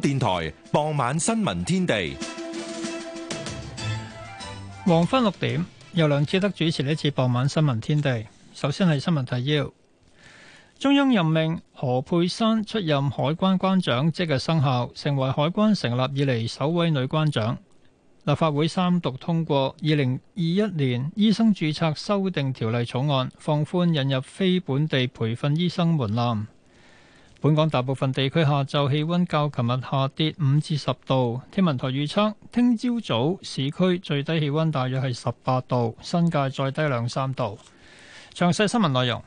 電台傍晚新聞天地，黃昏六點由梁智德主持呢次傍晚新聞天地。首先係新聞提要：中央任命何佩珊出任海關關長，即日生效，成為海關成立以嚟首位女關長。立法會三讀通過二零二一年醫生注冊修訂條例草案，放寬引入非本地培訓醫生門檻。本港大部分地區下晝氣温較琴日下跌五至十度，天文台預測聽朝早市區最低氣温大約係十八度，新界再低兩三度。詳細新聞內容，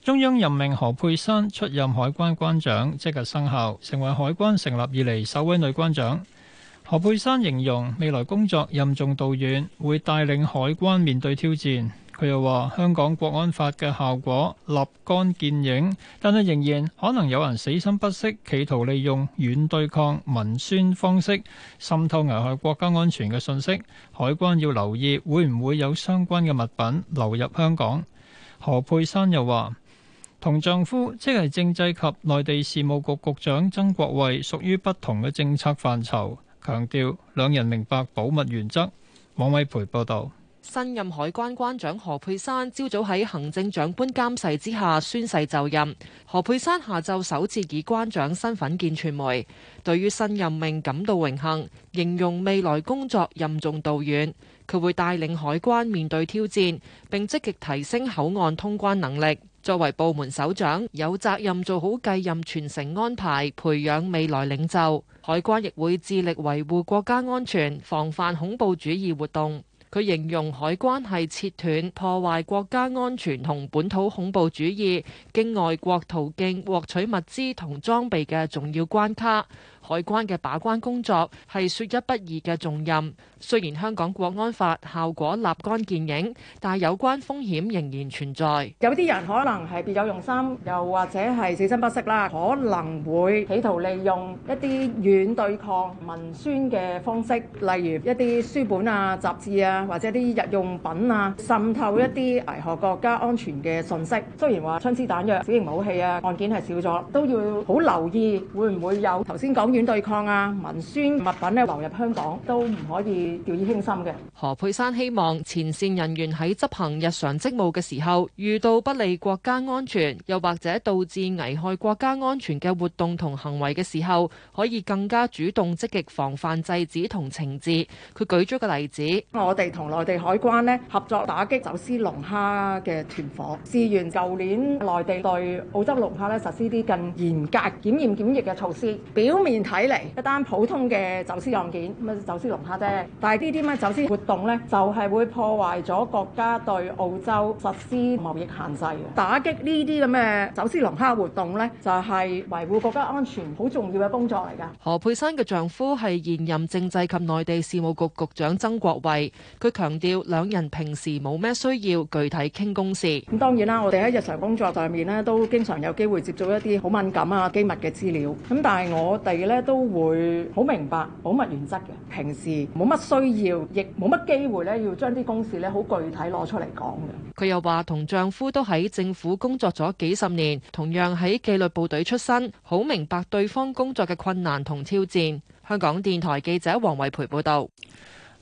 中央任命何佩珊出任海關關長，即日生效，成為海關成立以嚟首位女關長。何佩珊形容未來工作任重道遠，會帶領海關面對挑戰。佢又話：香港國安法嘅效果立竿見影，但係仍然可能有人死心不息，企圖利用軟對抗、文宣方式滲透危害國家安全嘅信息。海關要留意會唔會有相關嘅物品流入香港。何佩珊又話：同丈夫即係政制及內地事務局局，局長曾國衛屬於不同嘅政策範疇，強調兩人明白保密原則。王偉培報道。新任海關關長何佩珊，朝早喺行政長官監誓之下宣誓就任。何佩珊下晝首次以關長身份見傳媒，對於新任命感到榮幸，形容未來工作任重道遠。佢會帶領海關面對挑戰，並積極提升口岸通關能力。作為部門首長，有責任做好繼任傳承安排，培養未來領袖。海關亦會致力維護國家安全，防範恐怖主義活動。佢形容海關係切斷、破壞國家安全同本土恐怖主義，經外國途徑獲取物資同裝備嘅重要關卡。海關嘅把關工作係說一不二嘅重任，雖然香港國安法效果立竿見影，但有關風險仍然存在，有啲人可能係別有用心又或者係死心不息啦，可能會企圖利用一啲軟對抗文宣嘅方式，例如一啲書本啊、雜誌啊，或者一啲日用品啊，滲透一啲危害國家安全嘅信息，雖然話槍支彈藥小型武器啊案件係少咗，都要好留意會唔會有，頭先講完對抗啊，文宣物品咧流入香港都唔可以掉以輕心嘅。何佩珊希望前線人員喺執行日常職務嘅時候，遇到不利國家安全又或者導致危害國家安全嘅活動同行為嘅時候，可以更加主動積極，防範制止同懲治。佢舉咗個例子：我哋同內地海關咧合作，打擊走私龍蝦嘅團伙，事緣舊年內地對澳洲龍蝦咧實施啲更嚴格檢驗檢疫嘅措施，表面，睇嚟一單普通嘅走私案件，咁啊走私龍蝦啫。但係呢啲咩走私活動呢，就係會破壞咗國家對澳洲實施貿易限制嘅。打擊呢啲咁嘅走私龍蝦活動呢，就係維護國家安全好重要嘅工作嚟㗎。何佩珊嘅丈夫係現任政制及內地事務局局長曾國衛，佢強調兩人平時冇咩需要具體傾公事。咁當然啦，我哋喺日常工作上面呢，都經常有機會接觸一啲好敏感啊機密嘅資料。咁但係我哋咧。都會好明白，保密原則嘅。平時冇乜需要，亦冇乜機會咧，要將啲公事咧好具體攞出嚟講嘅。佢又話：同丈夫都喺政府工作咗幾十年，同樣喺紀律部隊出身，好明白對方工作嘅困難同挑戰。香港電台記者黃惠培報道。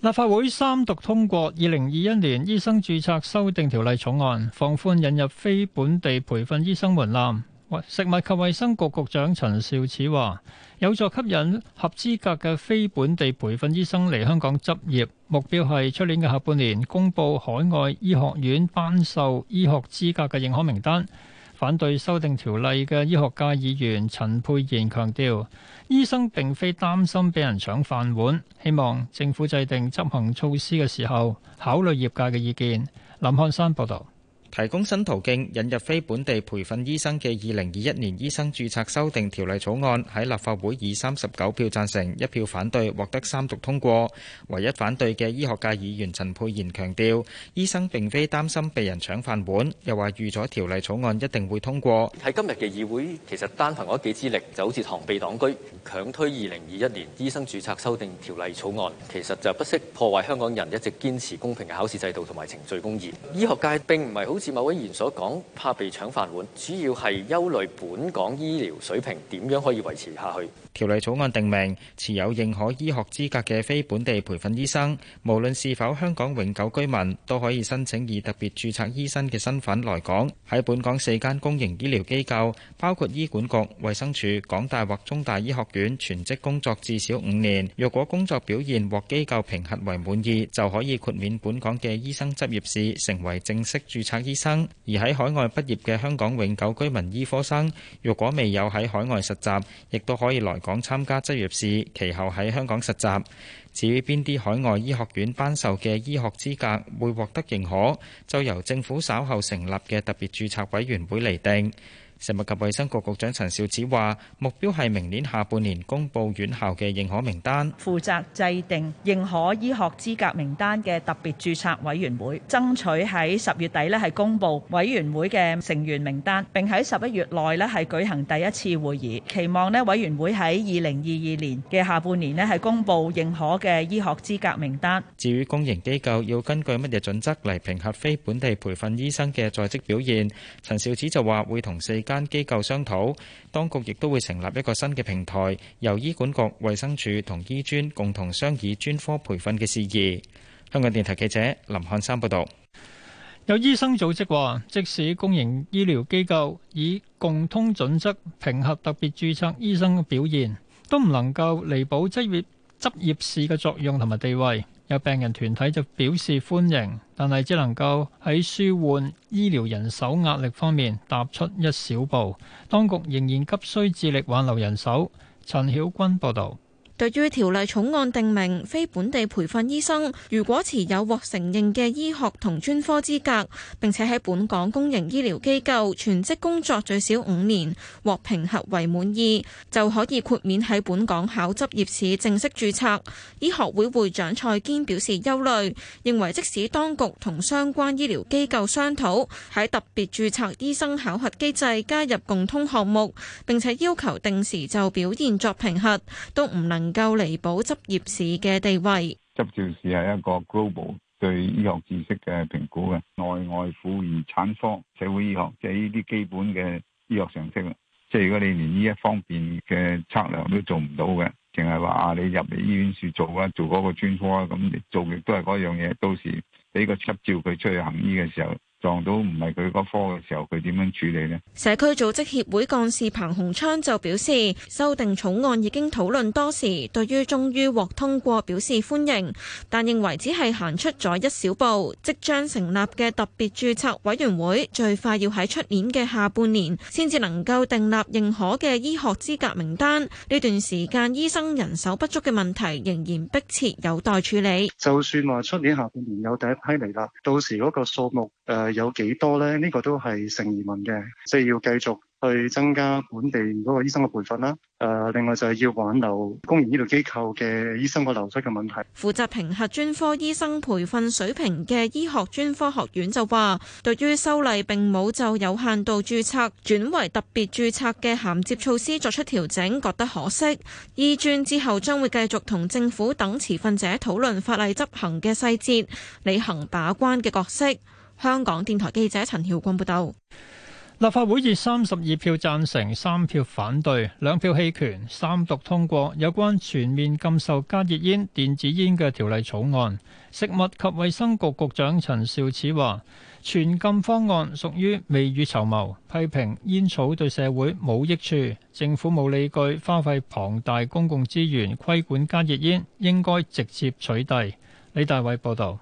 立法會三讀通過二零二一年醫生註冊修訂條例草案，放寬引入非本地培訓醫生門檻。食物及衛生局局長陳肇始話：有助吸引合資格嘅非本地培訓醫生嚟香港執業，目標係出年嘅下半年公佈海外醫學院頒授醫學資格嘅認可名單。反對修訂條例嘅醫學界議員陳沛然強調：醫生並非擔心俾人搶飯碗，希望政府制定執行措施嘅時候考慮業界嘅意見。林漢山報導。提供新途徑引入非本地培訓醫生嘅二零二一年醫生註冊修訂條例草案喺立法會以三十九票贊成一票反對獲得三讀通過。唯一反對嘅醫學界議員陳沛然強調，醫生並非擔心被人搶飯碗，又話預咗條例草案一定會通過。喺今日嘅議會，其實單憑我一己之力就好似螳臂擋車，強推二零二一年醫生註冊修訂條例草案，其實就不惜破壞香港人一直堅持公平嘅考試制度同埋程序公義。醫學界並唔係好好似某位議員所講，怕被搶飯碗，主要係憂慮本港醫療水平點樣可以維持下去。條例草案定明，持有認可醫學資格嘅非本地培訓醫生，無論是否香港永久居民，都可以申請以特別註冊醫生嘅身份來港，喺本港四間公營醫療機構，包括醫管局、衛生署、港大或中大醫學院，全職工作至少五年。若果工作表現獲機構評核為滿意，就可以豁免本港嘅醫生執業試，成為正式註冊醫。醫生而喺海外畢業嘅香港永久居民醫科生，若果未有喺海外實習，亦都可以來港參加執業試，其後喺香港實習。至於邊啲海外醫學院頒授嘅醫學資格會獲得認可，就由政府稍後成立嘅特別註冊委員會嚟定。食物及衛生局局長陳肇始話，目標係明年下半年公布院校嘅認可名單。負責制定認可醫學資格名單嘅特別註冊委員會，爭取喺十月底呢係公布委員會嘅成員名單，並喺十一月內呢係舉行第一次會議。期望呢委員會喺二零二二年嘅下半年呢係公布認可嘅醫學資格名單。至於公營機構要根據乜嘢準則嚟評核非本地培訓醫生嘅在職表現，陳肇始就話會同四間機構商討，當局亦都會成立一個新嘅平台，由醫管局、衛生署同醫專共同商議專科培訓嘅事宜。香港電台記者林漢山報道。有醫生組織話，即使公營醫療機構以共通準則評核特別註冊醫生嘅表現，都唔能夠彌補執業執業試嘅作用同埋地位。有病人團體就表示歡迎，但係只能夠喺舒緩醫療人手壓力方面踏出一小步。當局仍然急需致力挽留人手。陳曉君報導。對於條例草案訂明，非本地培訓醫生如果持有獲承認嘅醫學同專科資格，並且喺本港公營醫療機構全職工作最少五年，獲評核為滿意，就可以豁免喺本港考執業試正式註冊。醫學會會長蔡堅表示憂慮，認為即使當局同相關醫療機構商討，喺特別註冊醫生考核機制加入共通項目，並且要求定時就表現作評核，都唔能夠嚟補執業試嘅地位。執照試係一個 global 對醫學知識嘅評估嘅，內外婦兒產科、社會醫學，即係呢啲基本嘅醫學常識。即係如果你連呢一方面嘅測量都做唔到嘅，淨係話你入嚟醫院處做啊，做嗰個專科啊，咁做嘅都係嗰樣嘢。到時畀個執照佢出去行醫嘅時候，撞到唔係佢嗰科嘅時候，佢點樣處理咧？社區組織協會幹事彭鴻昌就表示，修訂草案已經討論多時，對於終於獲通過表示歡迎，但認為只係行出咗一小步。即將成立嘅特別註冊委員會最快要喺出年嘅下半年先至能夠訂立認可嘅醫學資格名單，呢段時間醫生人手不足嘅問題仍然迫切，有待處理。就算話出年下半年有第一批嚟啦，到時嗰個數目誒。呃有幾多呢？呢、這個都係成疑問嘅，即係要繼續去增加本地嗰個醫生嘅培訓啦。誒、呃，另外就係要挽留公營醫療機構嘅醫生個流失嘅問題。負責評核專科醫生培訓水平嘅醫學專科學院就話，對於修例並冇就有限度注冊轉為特別注冊嘅銜接措施作出調整，覺得可惜。醫專之後將會繼續同政府等持份者討論法例執行嘅細節，履行把關嘅角色。香港電台記者陳曉君報道，立法會以三十二票贊成、三票反對、兩票棄權，三讀通過有關全面禁售加熱煙、電子煙嘅條例草案。食物及衛生局局長陳肇始話，全禁方案屬於未雨綢繆，批評煙草對社會冇益處，政府冇理據花費龐大公共資源規管加熱煙，煙，應該直接取締。李大偉報道。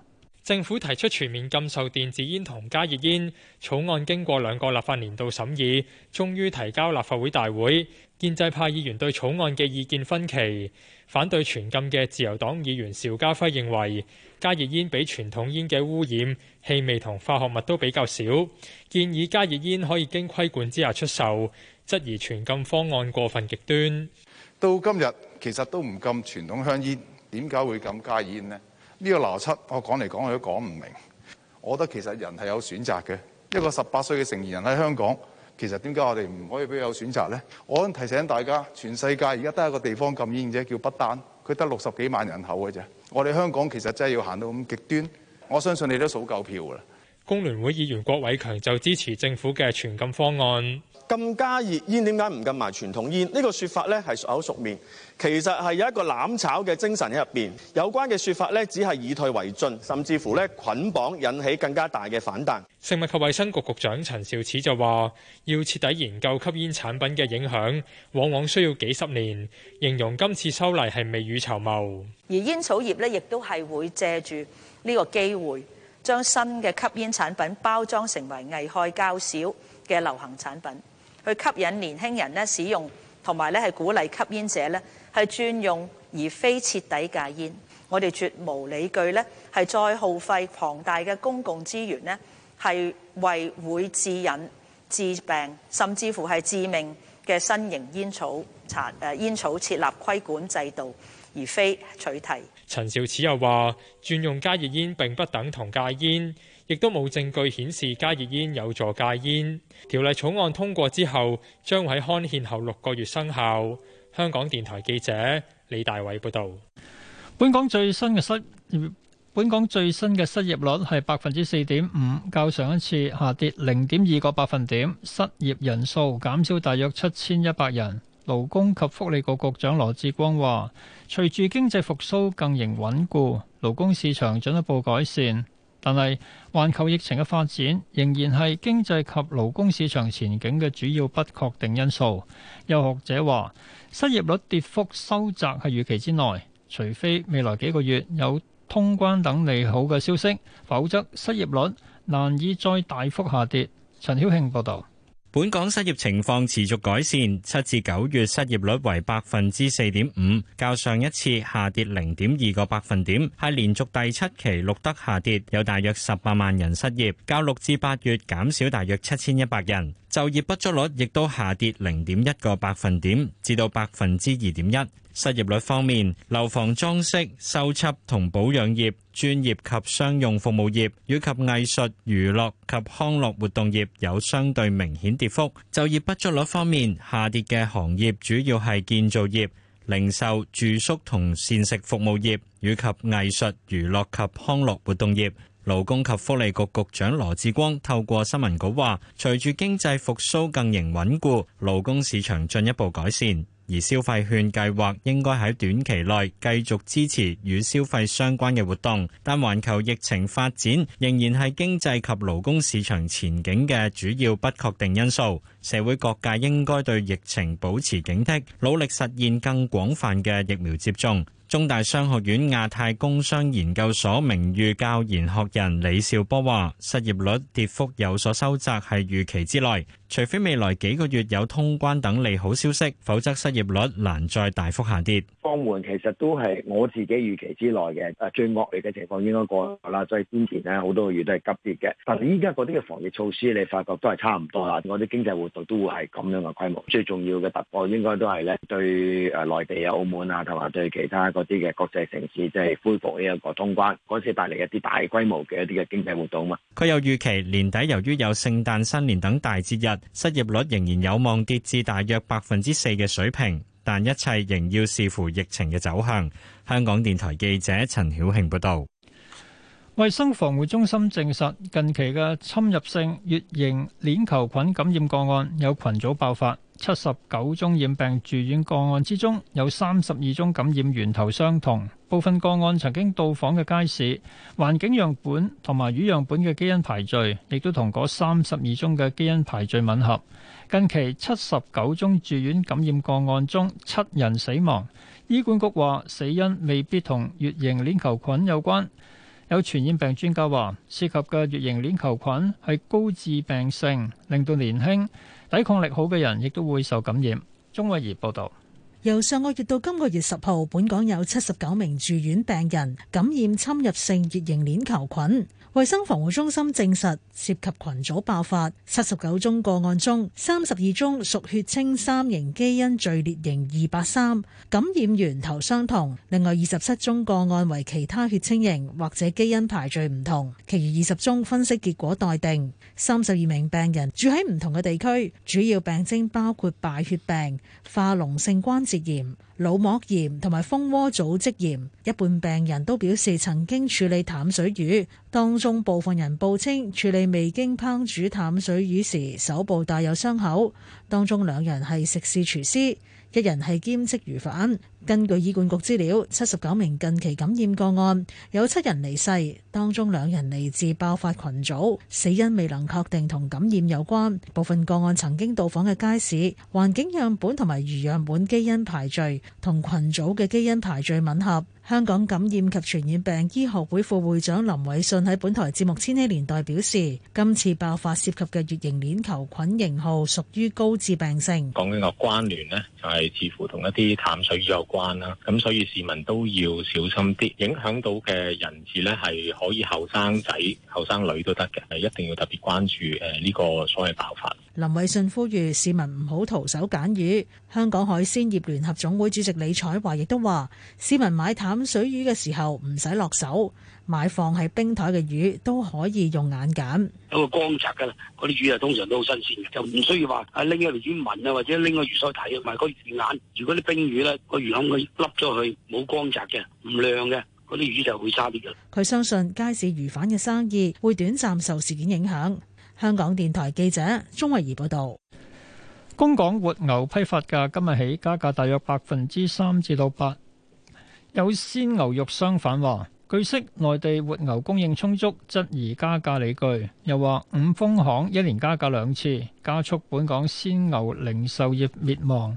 政府提出全面禁售電子煙同加熱煙草案，經過兩個立法年度審議，終於提交立法會大會，建制派議員對草案嘅意見分歧，反對全禁嘅自由黨議員邵家輝認為，加熱煙比傳統煙嘅污染氣味同化學物都比較少，建議加熱煙可以經規管之下出售，質疑全禁方案過分極端。到今日其實都唔禁傳統香煙，點解會禁加熱煙呢？呢個邏輯，我講嚟講去都講唔明。我覺得其實人係有選擇嘅。一個十八歲嘅成年人喺香港，其實點解我哋唔可以俾佢有選擇咧？我想提醒大家，全世界而家得一個地方禁煙啫，叫不丹，佢得六十幾萬人口嘅啫。我哋香港其實真係要行到咁極端，我相信你都數夠票啦。工聯會議員郭偉強就支持政府嘅全禁方案。禁加熱煙點解唔禁埋傳統煙？呢個說法咧，係熟口熟面，其實係有一個攬炒嘅精神喺入邊。有關嘅說法咧，只係以退為進，甚至乎咧捆綁，引起更加大嘅反彈。食物及衞生局局長陳肇始就話，要徹底研究吸煙產品嘅影響，往往需要幾十年。形容今次修例係未雨綢繆。而煙草業咧，亦都係會借住呢個機會。將新嘅吸煙產品包裝成為危害較少嘅流行產品，去吸引年輕人咧使用，同埋咧係鼓勵吸煙者咧係轉用而非徹底戒煙。我哋絕無理據咧係再耗費龐大嘅公共資源咧係為會致癮致病甚至乎係致命嘅新型煙草殘誒煙草設立規管制度，而非取締。陳肇始又話：轉用加熱煙並不等同戒煙，亦都冇證據顯示加熱煙有助戒煙。條例草案通過之後，將會喺刊憲後六個月生效。香港電台記者李大偉報導。本港最新嘅失，本港最新嘅失業率係百分之四點五，較上一次下跌零點二個百分點，失業人數減少大約七千一百人。勞工及福利局局長羅志光話，隨住經濟復蘇更形穩固，勞工市場進一步改善。但係環球疫情嘅發展仍然係經濟及勞工市場前景嘅主要不確定因素。有學者話，失業率跌幅收窄係預期之內，除非未來幾個月有通關等利好嘅消息，否則失業率難以再大幅下跌。陳曉慶報道。本港失業情況持續改善，七至九月失業率為百分之四點五，較上一次下跌零點二個百分點，係連續第七期錄得下跌，有大約十八萬人失業，較六至八月減少大約七千一百人。就業不足率亦都下跌零點一個百分點，至到百分之二點一。失業率方面，樓房裝飾、修葺同保養業、專業及商用服務業，以及藝術、娛樂及康樂活動業有相對明顯跌幅。就業不足率方面，下跌嘅行業主要係建造業、零售、住宿同膳食服務業，以及藝術、娛樂及康樂活動業。勞工及福利局局，局長羅致光透過新聞稿話，隨住經濟復甦更形穩固，勞工市場進一步改善。而消費券計劃應該喺短期內繼續支持與消費相關嘅活動，但環球疫情發展仍然係經濟及勞工市場前景嘅主要不確定因素。社會各界應該對疫情保持警惕，努力實現更廣泛嘅疫苗接種。中大商學院亞太工商研究所名譽教研學人李兆波話，失業率跌幅有所收窄係預期之內。除非未來幾個月有通關等利好消息，否則失業率難再大幅下跌。放緩其實都係我自己預期之內嘅，誒，最惡劣嘅情況應該過咗啦。所以先前咧好多個月都係急跌嘅，但係依家嗰啲嘅防疫措施，你發覺都係差唔多啦。我啲經濟活動都會係咁樣嘅規模。最重要嘅突破應該都係咧對誒內地啊、澳門啊，同埋對其他嗰啲嘅國際城市，即係恢復呢一個通關，嗰次帶嚟一啲大規模嘅一啲嘅經濟活動啊嘛。佢又預期年底由於有聖誕、新年等大節日。失業率仍然有望跌至大約百分之四嘅水平，但一切仍要視乎疫情嘅走向。香港電台記者陳曉慶報道。衛生防護中心證實，近期嘅侵入性乙型鏈球菌感染個案有群組爆發，七十九宗染病住院個案之中，有三十二宗感染源頭相同。部分個案曾經到訪嘅街市環境樣本同埋魚樣本嘅基因排序，亦都同嗰三十二宗嘅基因排序吻合。近期七十九宗住院感染個案中，七人死亡。醫管局話死因未必同乙型鏈球菌有關。有傳染病專家話，涉及嘅乙型鏈球菌係高致病性，令到年輕抵抗力好嘅人亦都會受感染。鍾慧儀報導。由上個月到今個月十號，本港有七十九名住院病人感染侵入性乙型鏈球菌。衛生防護中心證實涉及群組爆發，七十九宗個案中，三十二宗屬血清三型基因序列型二八三，感染源頭相同。另外二十七宗個案為其他血清型或者基因排序唔同，其餘二十宗分析結果待定。三十二名病人住喺唔同嘅地區，主要病徵包括敗血病、化膿性關節炎。腦膜炎同埋蜂窩組織炎，一半病人都表示曾經處理淡水魚。當中部分人報稱處理未經烹煮淡水魚時手部帶有傷口，當中兩人係食肆廚師，一人係兼職魚販。根據醫管局資料，七十九名近期感染個案，有七人離世，當中兩人嚟自爆發群組，死因未能確定同感染有關。部分個案曾經到訪嘅街市環境樣本同埋魚樣本基因排序同群組嘅基因排序吻合。香港感染及傳染病醫學會副會長林偉信喺本台節目《千禧年代》表示，今次爆發涉及嘅月形鏈球菌型號屬於高致病性。講緊個關聯呢，就係似乎同一啲淡水魚有關。啦，咁所以市民都要小心啲，影響到嘅人士呢係，可以後生仔、後生女都得嘅，係一定要特別關注誒呢個所謂爆發。林偉信呼籲市民唔好徒手揀魚。香港海鮮業聯合總會主席李彩華亦都話，市民買淡水魚嘅時候唔使落手。買放喺冰台嘅魚都可以用眼揀，有個光澤㗎啦。嗰啲魚啊，通常都好新鮮嘅，就唔需要話啊拎一條魚聞啊，或者拎個魚腮睇啊，同埋個魚眼。如果啲冰魚咧，個魚眼佢凹咗去，冇光澤嘅，唔亮嘅，嗰啲魚就會差啲㗎喇。佢相信街市魚販嘅生意會短暫受事件影響。香港電台記者鍾慧儀報道，供港活牛批發價今日起加價大約百分之三至到八。有鮮牛肉相反話。據悉，內地活牛供應充足，質疑加價理據。又話五豐行一年加價兩次，加速本港鮮牛零售業滅亡。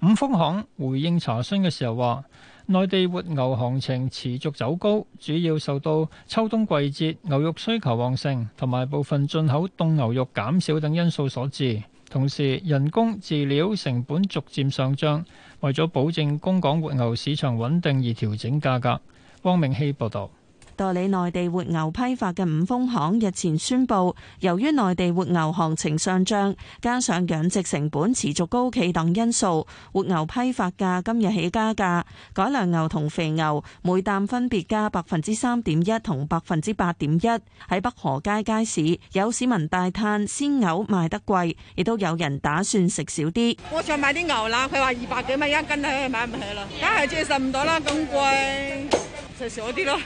五豐行回應查詢嘅時候話：內地活牛行情持續走高，主要受到秋冬季節牛肉需求旺盛同埋部分進口凍牛肉減少等因素所致。同時人工、飼料成本逐漸上漲，為咗保證供港活牛市場穩定而調整價格。汪明希報道，代理內地活牛批發嘅五豐行日前宣布，由於內地活牛行情上漲，加上養殖成本持續高企等因素，活牛批發價今日起加價，改良牛同肥牛每擔分別加百分之三點一同百分之八點一。喺北河街街市有市民大嘆鮮牛賣得貴，亦都有人打算食少啲。我想買啲牛腩，佢話二百幾蚊一斤啦，買唔起啦，梗係接受唔到啦，咁貴。少啲咯，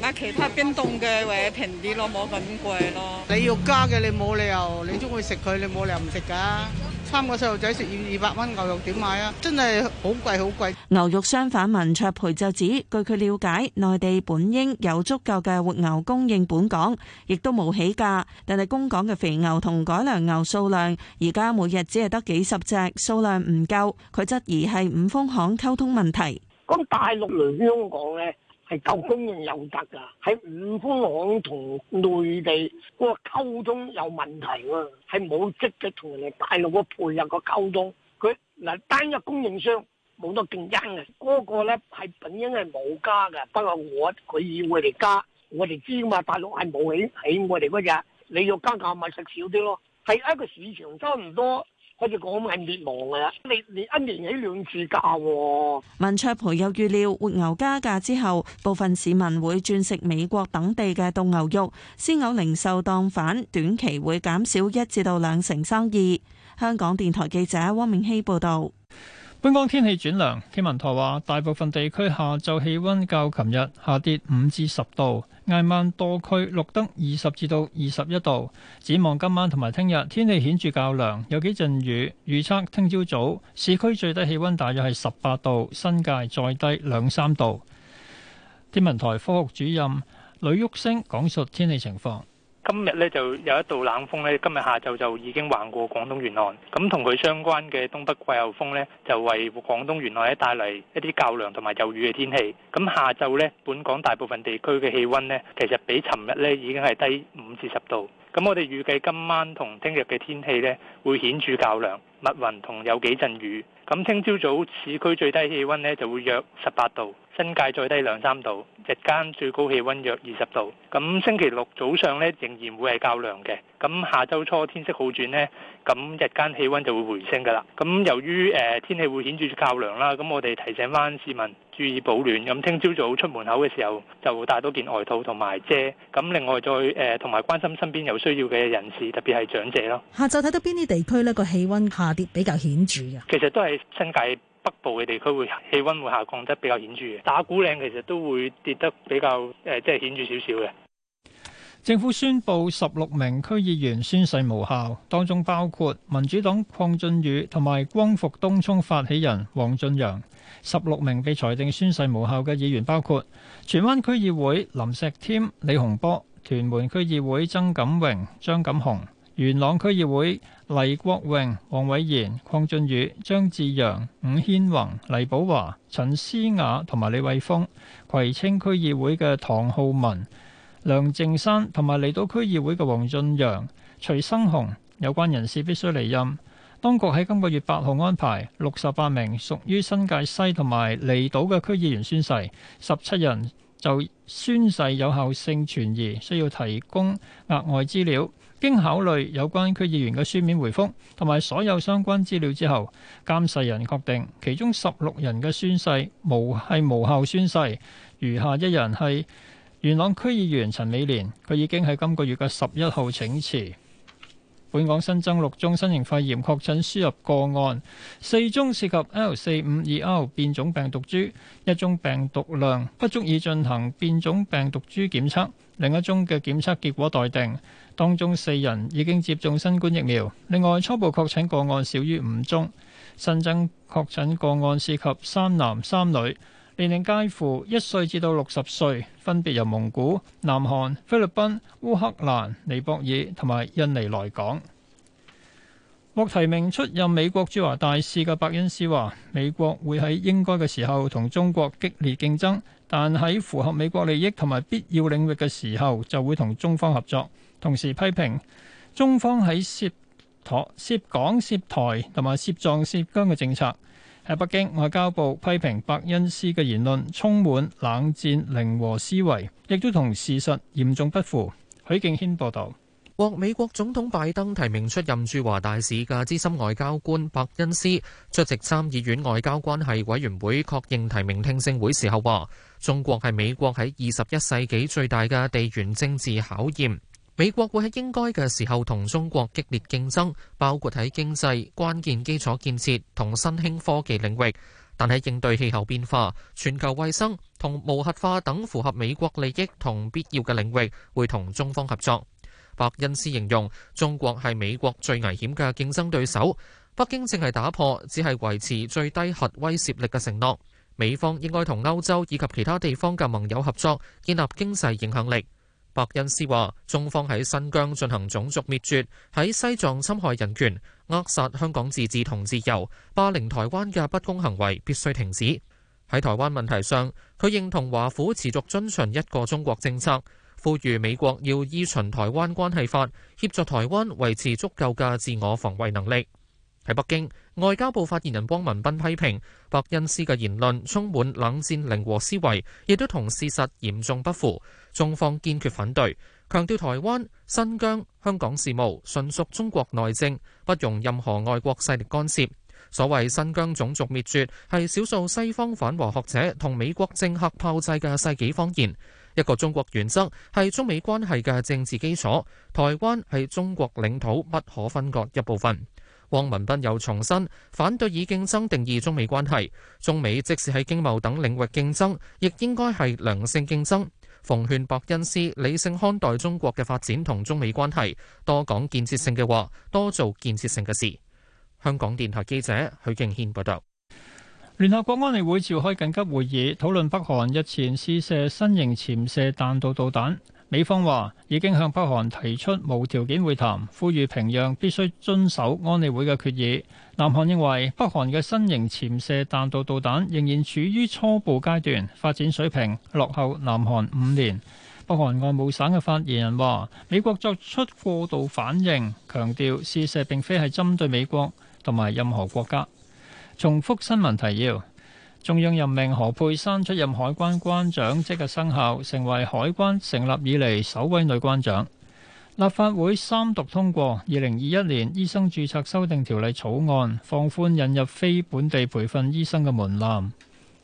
買其他冰凍嘅或者平啲咯，冇咁貴咯。你要加嘅你冇理由，你鍾意食佢，你冇理由唔食噶。三個細路仔食要二百蚊牛肉點買啊？真係好貴好貴。牛肉商反問文卓培就指，據佢瞭解，內地本應有足夠嘅活牛供應本港，亦都冇起價，但係供港嘅肥牛同改良牛數量而家每日只係得幾十隻，數量唔夠。佢質疑係五豐行溝通問題。咁大陸嚟香港咧？係夠供應有得噶，喺五豐行同內地嗰個溝通有問題喎，係冇積極同人哋大陸個配合個溝通。佢嗱單一供應商冇得競爭嘅，嗰、那個咧係本應係冇加嘅。不過我佢以我哋加，我哋知嘛？大陸係冇起起我哋嗰隻，你要加價咪食少啲咯。係一個市場差唔多。佢哋講係滅亡㗎啦！你連一年起兩次價。文卓培又預料，活牛加價之後，部分市民會轉食美國等地嘅凍牛肉，鮮牛零售檔反短期會減少一至到兩成生意。香港電台記者汪銘希報道。本港天氣轉涼，天文台話大部分地區下晝氣溫較琴日下跌五至十度，挨晚多區錄得二十至到二十一度。展望今晚同埋聽日天氣顯著較涼，有幾陣雨。預測聽朝早，市區最低氣溫大約係十八度，新界再低兩三度。天文台科學主任呂玉星講述天氣情況。今日咧就有一道冷風咧，今日下晝就已經橫過廣東沿岸，咁同佢相關嘅東北季候風咧，就為廣東沿岸咧帶嚟一啲較涼同埋有雨嘅天氣。咁下晝咧，本港大部分地區嘅氣温咧，其實比尋日咧已經係低五至十度。咁我哋預計今晚同聽日嘅天氣咧，會顯著較涼，密雲同有幾陣雨。咁聽朝早市區最低氣温咧，就會約十八度。新界再低兩三度，日間最高氣温約二十度。咁星期六早上咧仍然會係較涼嘅。咁下週初天色好轉咧，咁日間氣温就會回升噶啦。咁由於誒、呃、天氣會顯著較涼啦，咁我哋提醒翻市民注意保暖。咁聽朝早出門口嘅時候就帶多件外套同埋遮。咁另外再誒同埋關心身邊有需要嘅人士，特別係長者咯。下晝睇到邊啲地區咧個氣温下跌比較顯著嘅，啊？其實都係新界。北部嘅地區會氣温會下降得比較顯著嘅，打鼓嶺其實都會跌得比較誒，即係顯著少少嘅。政府宣布十六名區議員宣誓無效，當中包括民主黨鄺俊宇同埋光復東涌發起人黃俊陽。十六名被裁定宣誓無效嘅議員包括荃灣區議會林石添、李洪波、屯門區議會曾錦榮、張錦雄、元朗區議會。黎國榮、王偉賢、鄺俊宇、張志陽、伍軒宏、黎寶華、陳思雅同埋李慧峰，葵青區議會嘅唐浩文、梁靜山同埋離島區議會嘅黃俊陽、徐生雄，有關人士必須離任。當局喺今個月八號安排六十八名屬於新界西同埋離島嘅區議員宣誓，十七人就宣誓有效性存疑，需要提供額外資料。經考慮有關區議員嘅書面回複同埋所有相關資料之後，監誓人確定其中十六人嘅宣誓無係無效宣誓，餘下一人係元朗區議員陳美蓮，佢已經喺今個月嘅十一號請辭。本港新增六宗新型肺炎確診輸入個案，四宗涉及 L 四五二 R 變種病毒株，一宗病毒量不足以進行變種病毒株檢測，另一宗嘅檢測結果待定。當中四人已經接種新冠疫苗。另外，初步確診個案少於五宗，新增確診個案涉及三男三女。年齡介乎一歲至到六十歲，分別由蒙古、南韓、菲律賓、烏克蘭、尼泊爾同埋印尼來港。獲提名出任美國駐華大使嘅白恩斯話：美國會喺應該嘅時候同中國激烈競爭，但喺符合美國利益同埋必要領域嘅時候就會同中方合作。同時批評中方喺涉港、涉台同埋涉藏涉疆嘅政策。喺北京，外交部批評伯恩斯嘅言論充滿冷戰零和思維，亦都同事實嚴重不符。許敬軒報道。獲美國總統拜登提名出任駐華大使嘅資深外交官伯恩斯出席參議院外交關係委員會確認提名聽證會時候話，中國係美國喺二十一世紀最大嘅地緣政治考驗。美國會喺應該嘅時候同中國激烈競爭，包括喺經濟、關鍵基礎建設同新興科技領域。白恩斯話中方喺新疆進行種族滅絕，喺西藏侵害人權，扼殺香港自治同自由，霸凌台灣嘅不公行為必須停止。喺台灣問題上，佢認同華府持續遵循一個中國政策，呼籲美國要依循《台灣關係法》，協助台灣維持足夠嘅自我防衛能力。喺北京。外交部發言人汪文斌批評伯恩斯嘅言論充滿冷戰零和思維，亦都同事實嚴重不符。中方堅決反對，強調台灣、新疆、香港事務純屬中國內政，不容任何外國勢力干涉。所謂新疆種族滅絕係少數西方反華學者同美國政客炮製嘅世紀謊言。一個中國原則係中美關係嘅政治基礎，台灣係中國領土不可分割一部分。汪文斌又重申，反對以競爭定義中美關係，中美即使喺經貿等領域競爭，亦應該係良性競爭，奉勸伯恩斯理性看待中國嘅發展同中美關係，多講建設性嘅話，多做建設性嘅事。香港電台記者許敬軒報道。聯合國安理會召開緊急會議，討論北韓日前試射新型潛射彈道導彈。美方話已經向北韓提出無條件會談，呼籲平壤必須遵守安理會嘅決議。南韓認為北韓嘅新型潛射彈道導彈仍然處於初步階段，發展水平落後南韓五年。北韓外務省嘅發言人話，美國作出過度反應，強調試射並非係針對美國同埋任何國家。重複新聞提要：中央任命何佩珊出任海關關長，即日生效，成為海關成立以嚟首位女關長。立法會三讀通過《二零二一年醫生註冊修訂條例草案》，放寬引入非本地培訓醫生嘅門檻。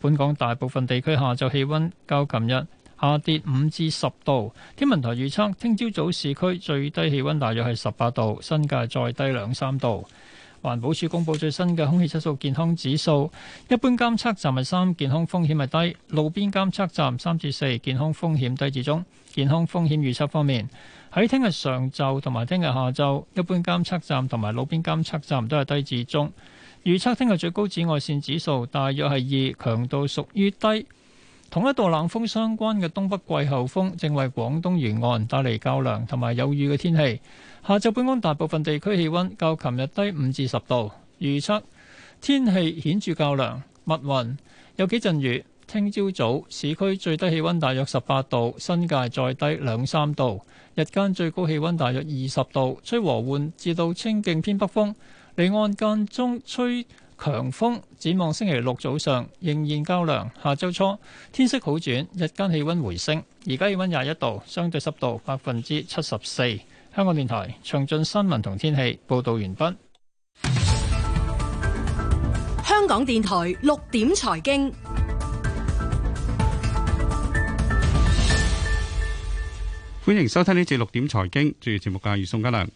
本港大部分地區下晝氣温較近日下跌五至十度。天文台預測，聽朝早，早市區最低氣温大約係十八度，新界再低兩三度。環保署公布最新嘅空氣質素健康指數，一般監測站係三，健康風險係低；路邊監測站三至四，4，健康風險低至中。健康風險預測方面，喺聽日上晝同埋聽日下晝，一般監測站同埋路邊監測站都係低至中。預測聽日最高紫外線指數大約係二，強度屬於低。同一道冷風相關嘅東北季候風，正為廣東沿岸帶嚟較涼同埋有雨嘅天氣。下晝本港大部分地區氣温較琴日低五至十度。預測天氣顯著較涼，密雲有幾陣雨。聽朝早，早市區最低氣温大約十八度，新界再低兩三度。日間最高氣温大約二十度，吹和緩至到清勁偏北風。離岸間中吹強風展望星期六早上仍然較涼，下周初天色好轉，日間氣温回升。而家氣温廿一度，相對濕度百分之七十四。香港電台詳盡新聞同天氣報道完畢。香港電台六點財經，歡迎收聽呢次六點財經，主持節目嘅係宋家良。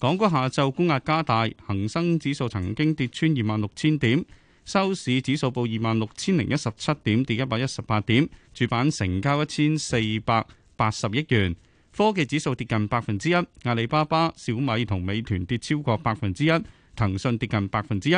港股下晝沽壓加大，恒生指數曾經跌穿二萬六千點，收市指數報二萬六千零一十七點，跌一百一十八點。主板成交一千四百八十億元，科技指數跌近百分之一，阿里巴巴、小米同美團跌超過百分之一，騰訊跌近百分之一。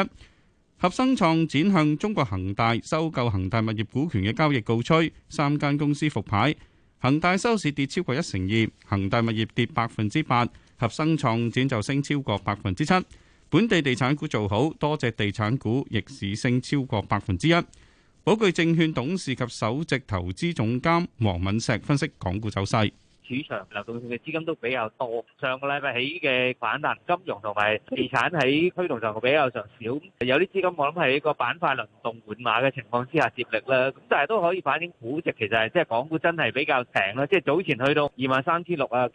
合生創展向中國恒大收購恒大物業股權嘅交易告吹，三間公司復牌，恒大收市跌超過一成二，恒大物業跌百分之八。合生創展就升超過百分之七，本地地產股做好，多隻地產股逆市升超過百分之一。寶具證券董事及首席投資總監黃敏石分析港股走勢。市場流動性嘅資金都比較多，上個禮拜起嘅反彈，金融同埋地產喺驅動上比較上少，有啲資金我諗係一個板塊輪動換馬嘅情況之下接力啦，咁但係都可以反映股值其實係即係港股真係比較平啦，即係早前去到二萬三千六啊，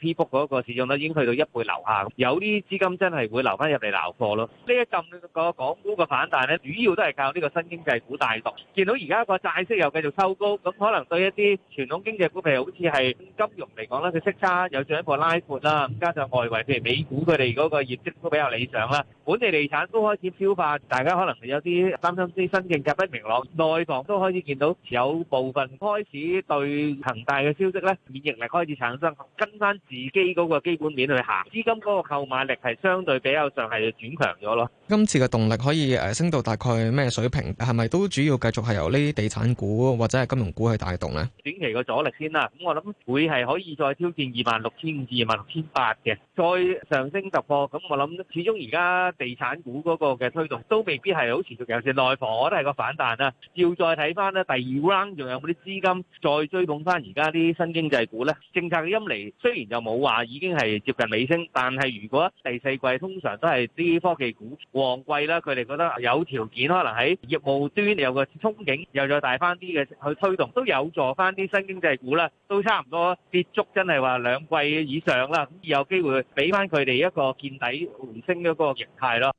嘅息差有進一步拉闊啦，加上外圍譬如美股佢哋嗰個業績都比較理想啦，本地地產都開始消化，大家可能有啲擔心啲新政策不明朗，內房都開始見到有部分開始對恒大嘅消息咧免疫力開始產生，跟翻自己嗰個基本面去行，資金嗰個購買力係相對比較上係轉強咗咯。今次嘅動力可以誒升到大概咩水平？係咪都主要繼續係由呢啲地產股或者係金融股去帶動咧？短期個阻力先啦，咁我諗會係可以再挑戰二萬六千五至二萬六千八嘅，再上升突破。咁我諗始終而家地產股嗰個嘅推動都未必係好持續，尤其是內房，我都係個反彈啦。要再睇翻咧，第二 round 仲有冇啲資金再追捧翻而家啲新經濟股咧？政策嘅陰嚟雖然就冇話已經係接近尾聲，但係如果第四季通常都係啲科技股。旺季啦，佢哋覺得有條件，可能喺業務端有個憧憬，又再大翻啲嘅去推動，都有助翻啲新經濟股啦，都差唔多跌足真係話兩季以上啦，咁而有機會俾翻佢哋一個見底回升嘅嗰個形態咯。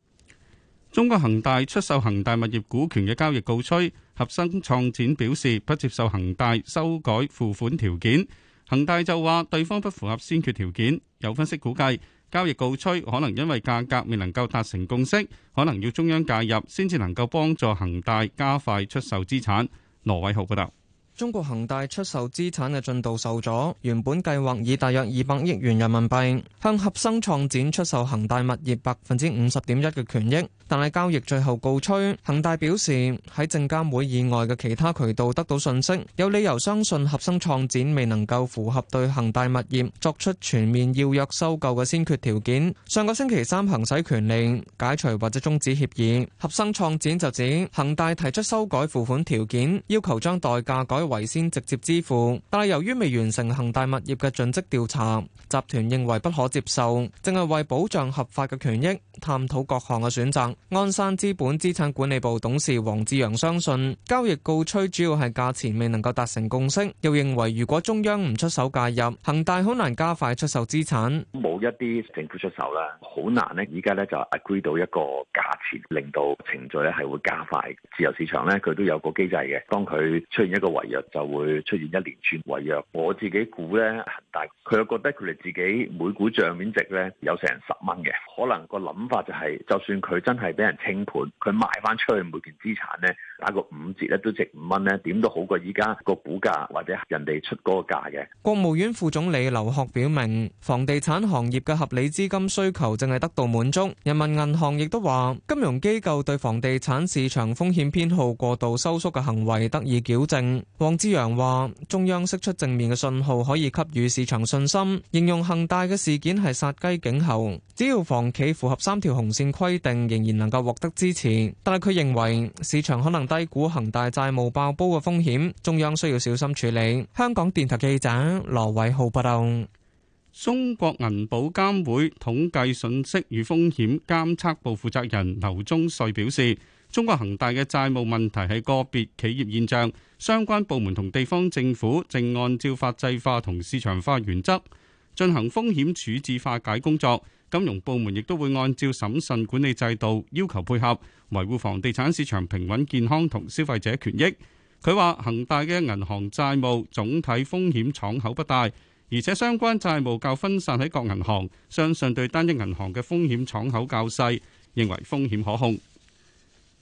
中國恒大出售恒大物業股權嘅交易告吹，合生創展表示不接受恒大修改付款條件，恒大就話對方不符合先決條件。有分析估計，交易告吹，可能因為價格未能夠達成共識，可能要中央介入先至能夠幫助恒大加快出售資產，羅偉豪報道。中國恒大出售資產嘅進度受阻，原本計劃以大約二百億元人民幣向合生創展出售恒大物業百分之五十點一嘅權益，但係交易最後告吹。恒大表示喺證監會以外嘅其他渠道得到信息，有理由相信合生創展未能夠符合對恒大物業作出全面要約收購嘅先決條件，上個星期三行使權力解除或者終止協議，合生創展就指恒大提出修改付款條件，要求將代價改為先直接支付，但係由於未完成恒大物業嘅盡職調查，集團認為不可接受，淨係為保障合法嘅權益，探討各項嘅選擇。鞍山資本資產管理部董事王志陽相信交易告吹主要係價錢未能夠達成共識，又認為如果中央唔出手介入，恒大好難加快出售資產。冇一啲政府出手喇，好難呢。而家呢，就 agree 到一個價錢，令到程序咧係會加快。自由市場呢，佢都有個機制嘅，當佢出現一個違約。就會出現一連串違約。我自己估咧，恒大佢又覺得佢哋自己每股賬面值咧有成十蚊嘅，可能個諗法就係，就算佢真係俾人清盤，佢賣翻出去每件資產咧打個五折咧都值五蚊咧，點都好過依家個股價或者人哋出嗰個價嘅。國務院副總理劉鶴表明，房地產行業嘅合理資金需求正係得到滿足。人民銀行亦都話，金融機構對房地產市場風險偏好過度收縮嘅行為得以矯正。王之洋話：中央釋出正面嘅信號，可以給予市場信心。形容恒大嘅事件係殺雞儆猴，只要房企符合三條紅線規定，仍然能夠獲得支持。但係佢認為市場可能低估恒大債務爆煲嘅風險，中央需要小心處理。香港電台記者羅偉浩報道。中國銀保監會統計信息與風險監測部負責人劉宗瑞表示，中國恒大嘅債務問題係個別企業現象，相關部門同地方政府正按照法制化同市場化原則進行風險處置化解工作。金融部門亦都會按照審慎管理制度要求配合，維護房地產市場平穩健康同消費者權益。佢話，恒大嘅銀行債務總體風險敞口不大，而且相關債務較分散喺各銀行，相信對單一銀行嘅風險敞口較細，認為風險可控。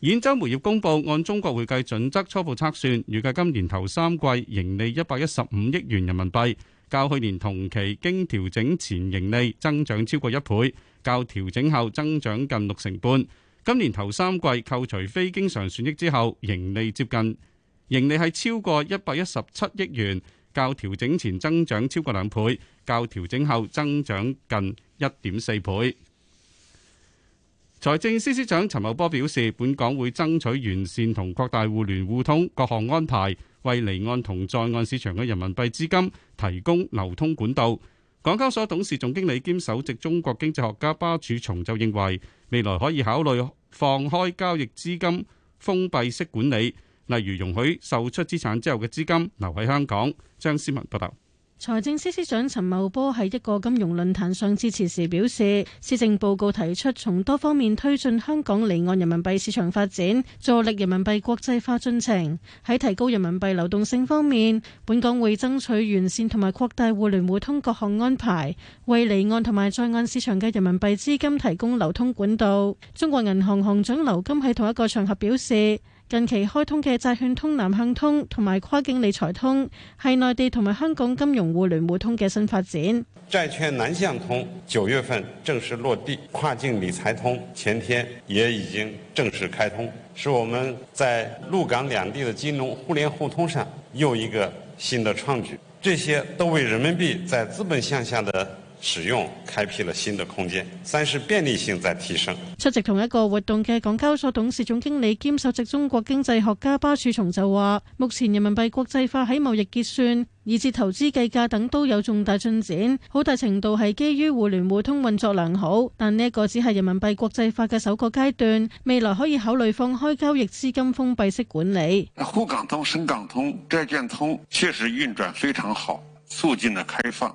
兗州煤業公布，按中國會計準則初步測算，預計今年頭三季盈利一百一十五億元人民幣，較去年同期經調整前盈利增長超過一倍，較調整後增長近六成半。今年頭三季扣除非經常損益之後，盈利接近盈利係超過一百一十七億元，較調整前增長超過兩倍，較調整後增長近一點四倍。財政司司長陳茂波表示，本港會爭取完善同擴大互聯互通各項安排，為離岸同在岸市場嘅人民幣資金提供流通管道。港交所董事總經理兼首席中國經濟學家巴曙松就認為，未來可以考慮放開交易資金封閉式管理，例如容許售出資產之後嘅資金留喺香港。張思文報道。財政司司長陳茂波喺一個金融論壇上致辭時表示，施政報告提出從多方面推進香港離岸人民幣市場發展，助力人民幣國際化進程。喺提高人民幣流動性方面，本港會爭取完善同埋擴大互聯互通各項安排，為離岸同埋在岸市場嘅人民幣資金提供流通管道。中國銀行行長劉金喺同一個場合表示。近期開通嘅債券通南向通同埋跨境理財通，係內地同埋香港金融互聯互通嘅新發展。債券南向通九月份正式落地，跨境理財通前天也已經正式開通，是我們在陸港兩地嘅金融互聯互通上又一個新的創舉。這些都為人民幣在資本項下的。使用開闢了新的空間。三是便利性在提升。出席同一個活動嘅港交所董事總經理兼首席中國經濟學家巴曙松就話，目前人民幣國際化喺貿易結算、以至投資計價等都有重大進展，好大程度係基於互聯互通運作良好。但呢一個只係人民幣國際化嘅首個階段，未來可以考慮放開交易資金封閉式管理。滬港通、深港通、債券通確實運轉非常好，促進了開放。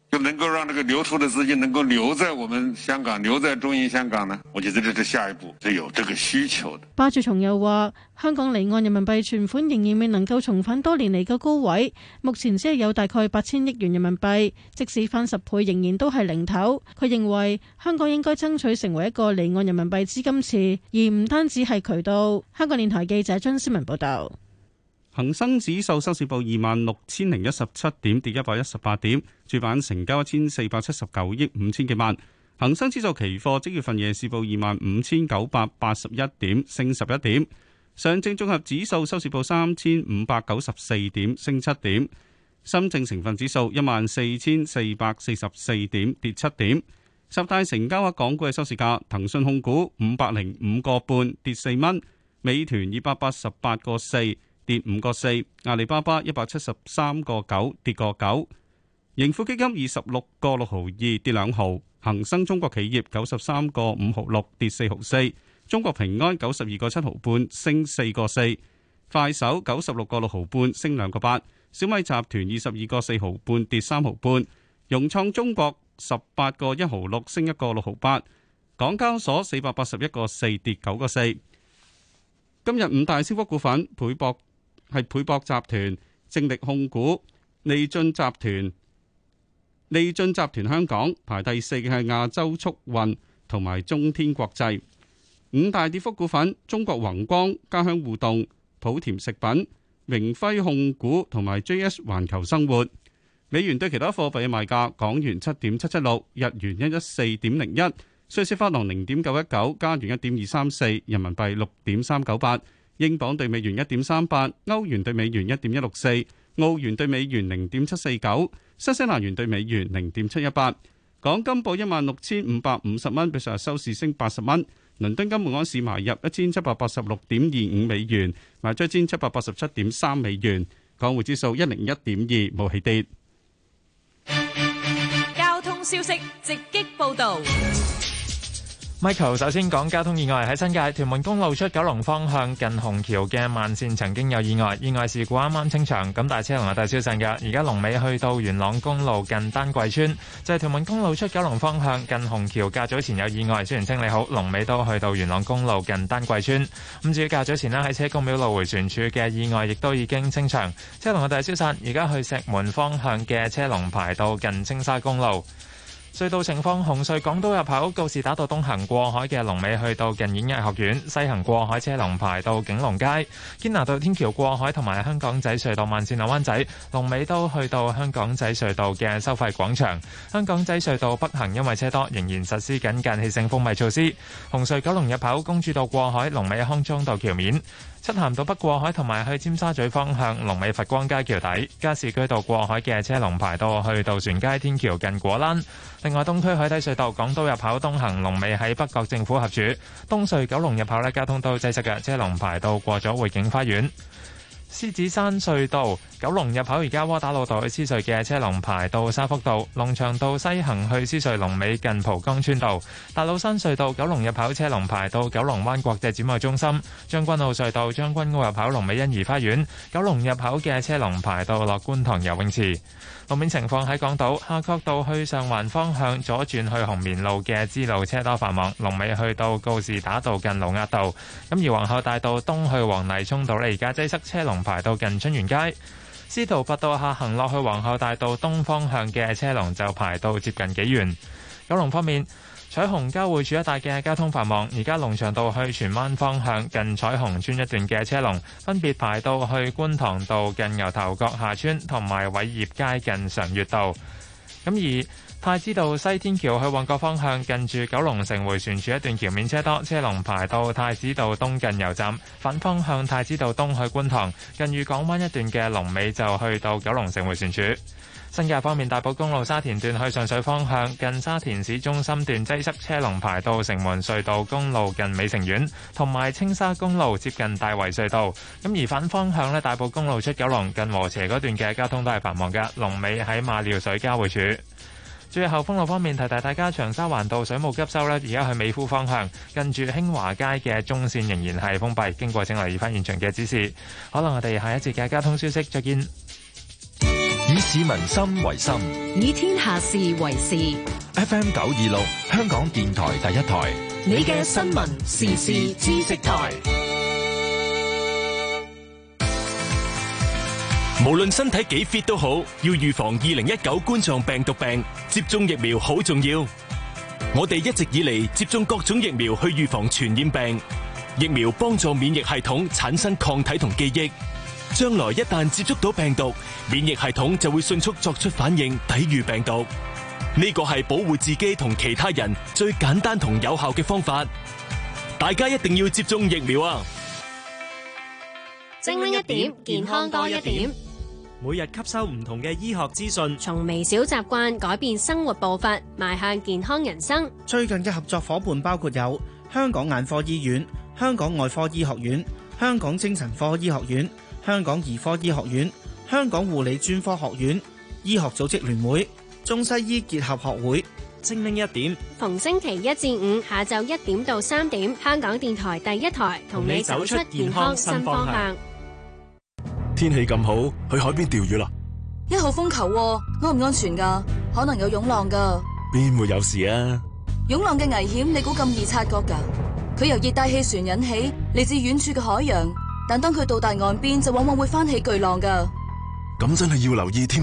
就能夠讓這個流出的資金能夠留在我們香港，留在中英香港呢？我覺得這是下一步，是有這個需求的。巴曙松又話，香港離岸人民幣存款仍然未能夠重返多年嚟嘅高位，目前只係有大概八千億元人民幣，即使翻十倍，仍然都係零頭。佢認為香港應該爭取成為一個離岸人民幣資金池，而唔單止係渠道。香港電台記者張思文報道。恒生指數收市報二萬六千零一十七點，跌一百一十八點。主板成交一千四百七十九億五千幾萬。恒生指數期貨即月份夜市報二萬五千九百八十一點，升十一點。上證綜合指數收市報三千五百九十四點，升七點。深證成分指數一萬四千四百四十四點，跌七點。十大成交額港股嘅收市價：騰訊控股五百零五個半，跌四蚊；美團二百八十八個四。跌五個四，阿里巴巴一百七十三個九跌個九，盈富基金二十六個六毫二跌兩毫，恒生中國企業九十三個五毫六跌四毫四，中國平安九十二個七毫半升四個四，快手九十六個六毫半升兩個八，小米集團二十二個四毫半跌三毫半，融創中國十八個一毫六升一個六毫八，港交所四百八十一個四跌九個四，今日五大升幅股份，倍博。係倍博集團、正力控股、利駿集團、利駿集團香港，排第四嘅係亞洲速運同埋中天國際。五大跌幅股份：中國宏光、家鄉互動、普田食品、榮輝控股同埋 JS 環球生活。美元兌其他貨幣嘅賣價：港元七點七七六，日元一一四點零一，瑞士法郎零點九一九，加元一點二三四，人民幣六點三九八。英鎊兌美元一點三八，歐元兌美元一點一六四，澳元兌美元零點七四九，新西蘭元兌美元零點七一八。港金報一萬六千五百五十蚊，比上日收市升八十蚊。倫敦金每盎司買入一千七百八十六點二五美元，賣出一千七百八十七點三美元。港匯指數一零一點二，冇起跌。交通消息，直擊報道。Michael 首先講交通意外，喺新界屯門公路出九龍方向近虹橋嘅慢線曾經有意外，意外事故啱啱清場，咁大車龍啊大消散㗎。而家龍尾去到元朗公路近丹桂村，就係、是、屯門公路出九龍方向近虹橋，較早前有意外，雖然清理好，龍尾都去到元朗公路近丹桂村。咁至於較早前呢喺車公廟路回旋處嘅意外，亦都已經清場，車龍啊大消散。而家去石門方向嘅車龍排到近青沙公路。隧道情況：紅隧港島入口告士打道東行過海嘅龍尾去到近演藝學院，西行過海車龍排到景隆街。堅拿道天橋過海同埋香港仔隧道慢線入灣仔龍尾都去到香港仔隧道嘅收費廣場。香港仔隧道北行因為車多，仍然實施間歇性封閉措施。紅隧九龍入口公主道過海龍尾康莊道橋面。漆咸道北過海同埋去尖沙咀方向，龍尾佛光街橋底；加士居道過海嘅車龍排到去渡船街天橋近果欄。另外，東區海底隧道港島入口東行龍尾喺北角政府合署；東隧九龍入口呢交通都擠塞嘅，車龍排到過咗匯景花園。獅子山隧道九龍入口，而家窩打老道去獅隧嘅車龍排到沙福道，龍翔道西行去獅隧龍尾近蒲崗村道；大老山隧道九龍入口車龍排到九龍灣國際展貿中心，將軍澳隧道將軍澳入口龍尾欣怡花園，九龍入口嘅車龍排到樂觀塘游泳池。路面情況喺港島夏慤道去上環方向左轉去紅棉路嘅支路車多繁忙，龍尾去到告士打道近盧押道。咁而皇后大道東去黃泥涌道咧，而家擠塞車龍排到近春園街。司徒拔道下行落去皇后大道東方向嘅車龍就排到接近幾元。九龍方面。彩虹交匯處一帶嘅交通繁忙，而家龍翔道去荃灣方向近彩虹村一段嘅車龍，分別排到去觀塘道近牛頭角下村，同埋偉業街近常悅道。咁而太子道西天橋去旺角方向，近住九龍城回旋處一段橋面車多，車龍排到太子道東近油站。反方向太子道東去觀塘，近裕港灣一段嘅龍尾就去到九龍城回旋處。新界方面，大埔公路沙田段去上水方向，近沙田市中心段擠塞，車龍排到城門隧道公路近美城苑，同埋青沙公路接近大圍隧道。咁而反方向咧，大埔公路出九龍近禾輋嗰段嘅交通都係繁忙嘅，龍尾喺馬料水交匯處。最後，封路方面，提提大家，長沙灣道水務急收咧，而家去美孚方向，近住興華街嘅中線仍然係封閉。經過請留意翻現場嘅指示。可能我哋下一節嘅交通消息，再見。以市民心為心，以天下事為事。FM 九二六，香港電台第一台。你嘅新聞時事知識台。無論身體幾 fit 都好，要預防二零一九冠狀病毒病，接種疫苗好重要。我哋一直以嚟接種各種疫苗去預防傳染病，疫苗幫助免疫系統產生抗體同記憶。將來一旦接觸到病毒，免疫系統就會迅速作出反應，抵禦病毒。呢個係保護自己同其他人最簡單同有效嘅方法。大家一定要接種疫苗啊！精靈一點，健康多一點。每日吸收唔同嘅醫學資訊，從微小習慣改變生活步伐，邁向健康人生。最近嘅合作伙伴包括有香港眼科醫院、香港外科醫學院、香港精神科醫學院。香港兒科醫學院、香港護理專科學院、醫學組織聯會、中西醫結合學會，精靈一點。逢星期一至五下晝一點到三點，香港電台第一台同你走出健康新方向。天氣咁好，去海邊釣魚啦！一號風球啊，安唔安全噶啊？可能有湧浪噶。邊會有事啊？湧浪嘅危險，你估咁易察覺噶啊？佢由熱帶氣旋引起，嚟自遠處嘅海洋。但當佢到達岸邊，就往往會翻起巨浪噶。咁真係要留意添。